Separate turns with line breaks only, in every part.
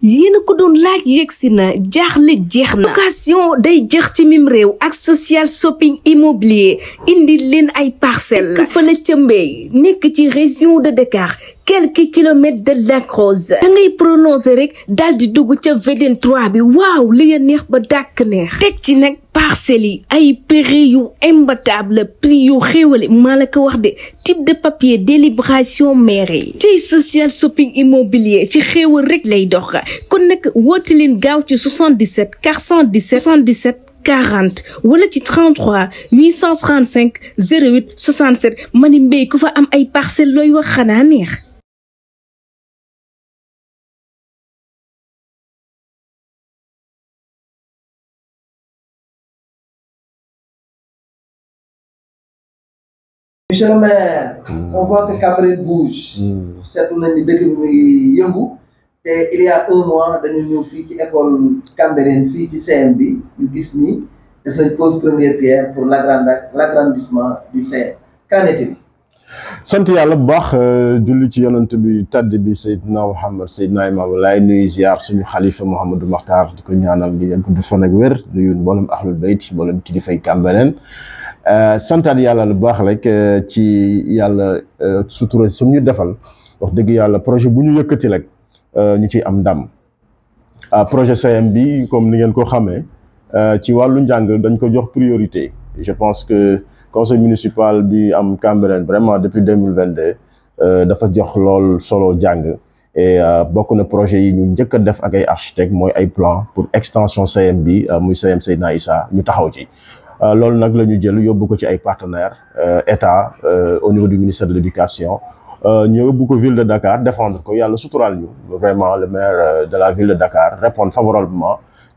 yéen ko doon laaj yegg si na jaaxle jeex na location day jeex ci mim réew ak social shopping immobilier indi leen ay parcelles la fële ca Mbeey nekk ci région de Dakar quelques kilomètres de Lac Rose da ngay prononcer rek daal di dugg ca VDN 3 bi waaw li ya neex ba dàkk neex teg ci nag parcelles ay prix imbattable prix yu de type de papier délibération mairie ci social shopping immobilier ci xewal rek lay dox kon nak ci 77 417 77 40 wala ci 33 835 08 67 manimbe ni ku fa am ay
parcelles wax monsieur hum. le
on voit que Cambérène bouge. seetlu nañ ni dëkk bi muy Et il y a un mois dañu ñëw fii ci école Cambérène fii ci CM bi ñu gis ni def nañ pose première pierre pour l'agrandissement du CM qu'en est-il
sant yàlla bu baax euh, julli ci yonent bi tàdd bi Seydina Mouhamed Seydina Imam laay nuyu ziar suñu xalifa Mouhamadou Makhtar di ko ñaanal di gudd fan ak wér nuyu mboolem ahlul bayt mboolem kilifay Cambérène euh, santaat yalla lu bax rek euh, ci yalla euh, sutura su defal wax deug yalla projet buñu yëkëti rek ñu ci am ndam ah, projet CM bi comme ni ngeen ko xamé ci walu njàng dañ ko jox priorité je pense que conseil municipal bi am Cambérène vraiment depuis 2022 dafa jox lool solo jàng et bokku na projet yi ñu njëkk def ak ay architecte moy ay plan pour extension CM bi muy CM Seydina Issa ñu taxaw ci. Euh, loolu nag la ñu jël yóbbu ko ci ay partenaires euh, état euh, au niveau du ministère de l'éducation ñu yóbbu ko ville de Dakar défendre ko yàlla suturaal ñu vraiment le maire de la ville de Dakar répond favorablement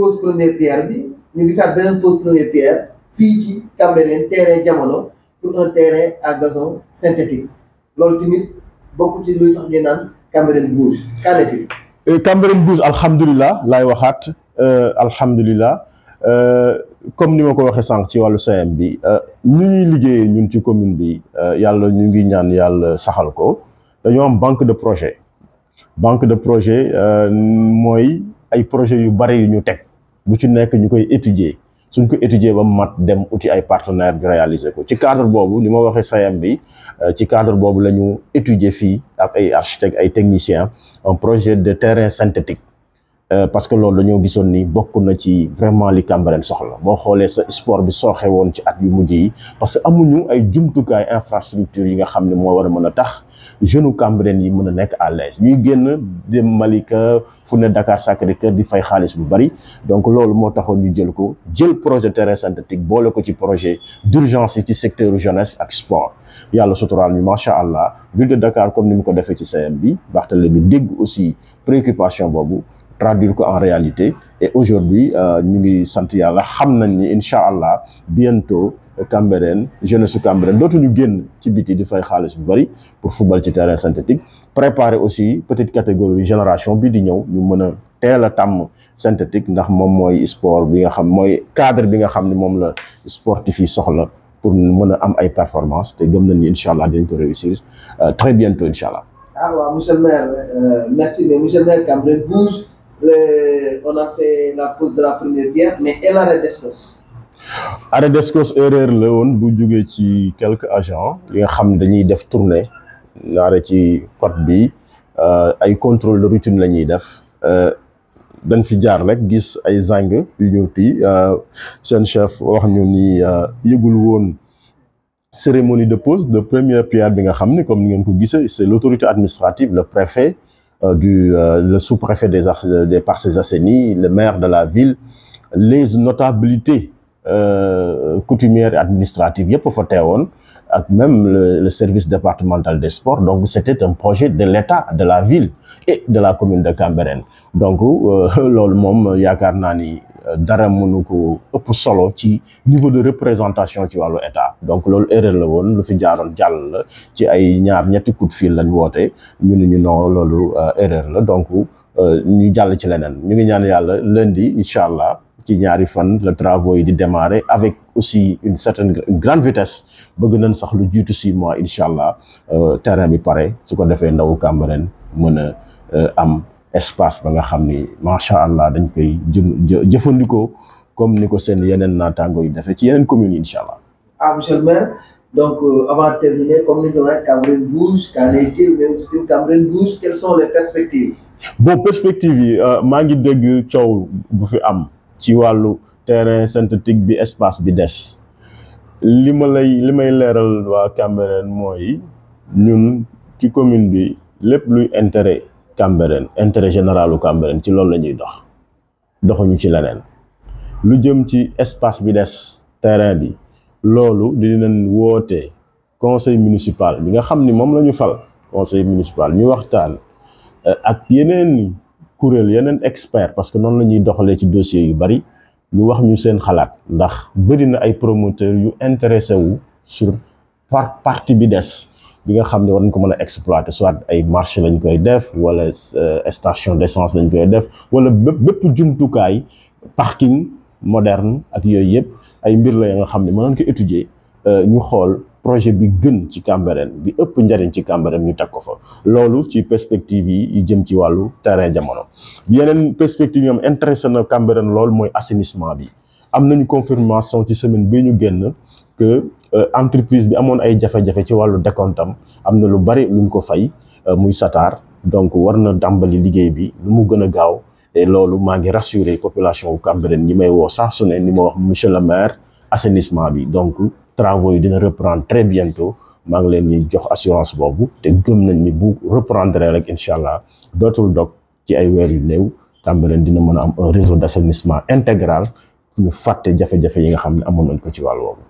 pose première pierre bi ñu gisaat beneen pose première pierre fii ci Cambérène terrain jamono pour un terrain à gazon synthétique loolu tamit bokk ci luy tax ñu naan Cambérène bouge qu'en est-il
Cambérène bouge alhamdulillah laay waxaat euh, alhamdulilah euh, comme ni ma ko waxee sànq ci wàllu CM bi ñu euh, ñuy liggéeyee ñun ci commune bi yàlla ñu ngi ñaan yàlla saxal ko dañoo am banque de projet banque de projet mooy ay projet yu bari yu ñu teg bu ci nekk ñu koy étudier suñ ko étudier ba mat dem uti ay partenaires bi réaliser ko ci cadre boobu ni ma waxee SAEM bi euh, ci cadre boobu la ñu étudier fii ak ay architectes ay techniciens un projet de terrain synthétique Euh, parce que loolu dañoo gisoon ni bokku na ci vraiment li Cambérène soxla bo xolé sa sport bi sooxe woon ci at yu mujjii parce que amuñu ay jumtukaay infrastructure yi nga xamni mo wara mëna tax jeune Cambérène yi mëna a nekk à l'aise ñuy genn dem Malika fune Dakar Sacré-Cœur di fay xaalis bu bari donc loolu mo taxo ñu jël ko jël projet terrain synthétique boole ko ci projet d'urgence ci secteur jeunesse ak sport yalla suturaal ñu macha allah ville de Dakar comme ni mu ko defee ci CM bi Barthélémy dégg aussi préoccupation bobu traduire ko en réalité et aujourd'hui nous euh, ngi sentons, yàlla xam nañ ni allah bientôt euh, Cambérène jeunesse su Cambérène dootuñu génn ci biti di fay xaalis bu pour football ci terrain synthétique préparer aussi petite catégorie génération bi nous, ñëw ñu mën a teel synthétique ndax moom sport bi nga xam cadre bi nga xam ne la sportif yi pour nous a am ay performance et gëm nañ ni incha allah réussir euh, très bientôt inshallah.
allah. ah wa monsieur le maire merci mais monsieur le maire bouge on a fait la pose de la première pierre mais elle a redescos.
arrêt d'Escos erreur la bu quelques agents li a xam dañuy def tournée la ci côte bi euh, ay contrôle de routine la ñuy def euh, Dans fi jaar rek gis ay zang yu c'est euh, chef wax a ni une cérémonie de pose de première pierre bi nga comme nous ngeen ko c'est l'autorité administrative le préfet euh, du euh, le sous-préfet des, euh, des Parcelles le maire de la ville, les notabilités coutumières et administratives même le, service départemental des sports donc c'était un projet de l'État de la ville et de la commune de Cambérène donc euh, l'olmom yaakaar euh, dara mënu ko ëpp solo ci niveau de représentation ci wàllu état donc loolu erreur la won lu fi jaaroon jàll la ci ay ñaar ñetti coup de fil lañ woote ñu ne ñu non loolu euh, erreur la donc euh, ñu jàll ci leneen ñu ngi ñaan yàlla lundi incha allah ci ñaari fan le travaux yi di démarrer avec aussi une certaine une grande vitesse bëgg nañ sax lu jiitu six mois incha allah terrain bi pare su ko defee ndawu Cambérène mën a am. espace ba nga xam ni macha allah dañ koy jë jëfandikoo comme ni ko seen yeneen naataango yi defee ci yeneen communes yi incha allah.
ah monsieur le maire euh, terminer comme ni
perspective yi euh, maa ngi dégg coow bu fi am ci wàllu terrain synthétique bi espace bi des li ma lay li may leeral waa Cambérène mooy ñun ci commune bi lépp luy intérêt kamberen intérêt généralu kamberen ci nyidoh, lañuy ñuy dox doxuñu ci lenen lu jëm ci espace bi dess terrain bi di dinañ woté conseil municipal bi nga xamni mom lañu fal conseil municipal ñu waxtaan euh, ak yenen kurel yenen expert parce que non lañuy doxale ci dossier yu bari ñu wax ñu seen xalaat ndax bari na ay promoteur yu intéressé wu sur par partie bi dess bi nga xamné ne war nañ ko mëna exploiter soit ay marché lañ koy def wala euh, station d'essence lañ koy def wala bépp jumtukaay parking moderne ak yoy yëpp ay mbir la nga xamné ne ko étudier euh, ñu xool projet bi gën ci Cambérène bi ëpp njariñ ci Cambérène ñu teg ko fa loolu ci perspective yi yu jëm ci walu terrain jamono yeneen perspective ñom am intéressé na Cambérène lool moy assainissement bi am nañu confirmation ci semaine bi ñu génn que euh, entreprise bi amone ay jafé jafé ci walu décomptam amna lu bari luñ ko fay euh, muy satar donc warna dambali dàmbali bi lu mu gëna a gaaw et loolu maa ngi rassurer population wu Cambérène ñi may wo saa su ni ma wax monsieur le maire assainissement bi donc travaux yi dina reprendre très bientôt ma ngi leen di jox assurance bobu te gëm nañ ni bu reprendre rek inshallah dotul dootul ci ay weer yu néw Cambérène dina mëna am un réseau d'assainissement intégral ñu fàtte jafé jafé yi nga xamné ne nañ ko ci walu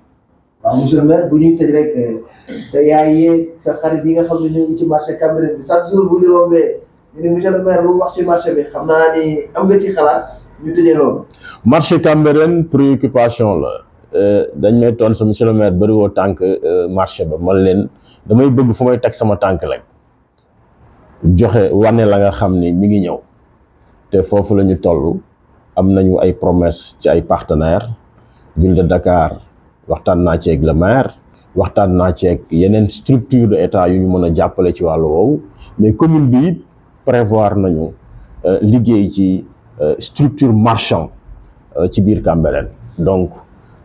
Musulman bunyi terdengar. Eh. Saya ini sekali tiga kali ini itu masa kamera besar tuh bunyi rombe. Ini Musulman rumah masih masih be. Karena ini ambil sih kalah. Itu jero.
Masa kamera preoccupation lah. Eh, dan meton sama Musulman baru otang ke eh, masa be malin. Demi bego fumai tak sama tangke lagi. Joxe wane la nga xamni mi ngi ñew té fofu lañu tollu am nañu ay promesse ci ay dakar waxtaan naa ci ak le waxtaan naa ci ak yeneen structure de état yu ñu mën a jàppale ci wàllu woowu mais commune bi it prévoir nañu euh, liggéey ci euh, structure marchand euh, ci biir Cambérène donc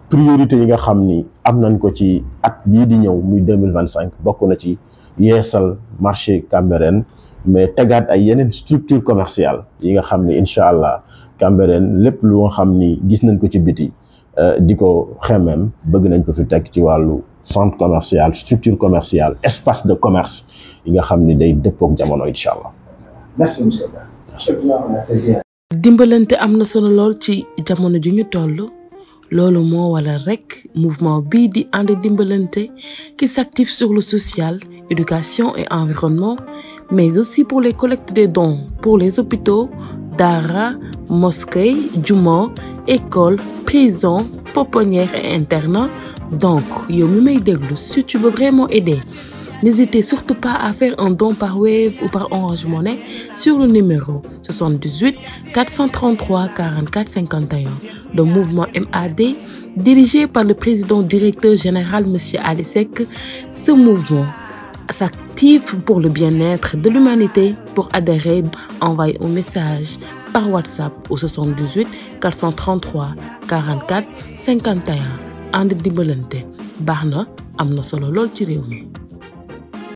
priorité yi nga xam ni am nañ ko ci at bii di ñëw muy deux mille vingt cinq bokk na ci yeesal marché Cambérène mais tegaat ay yeneen structure commerciale yi nga xam ni incha allah Cambérène lépp lu nga xam ni gis nañ ko ci biti Euh, diko xemem xemmeem bëgg nañ ko fi tek ci walu centre commercial structure commerciale espace de commerce yi nga xamni day dëppook jamono inshallah merci monsieur dimbalante amna na solo lool ci jamono ju ñu tollu loolu mo wala rek mouvement bi di and dimbalante qui s'active sur le social éducation et environnement mais aussi pour les collectes des dons pour les hôpitaux dara
mosquée juma école prison pouponnière et internat donc si tu veux vraiment aider n'hésitez surtout pas à faire un don par Wave ou par Orange monnaie sur le numéro 78 433 44 51 le mouvement MAD dirigé par le président directeur général monsieur Alisek ce mouvement sa pour le
bien-être de l'humanité. Pour adhérer, envoyez un message par WhatsApp au 78 433 44 51 Andre dimbalante solo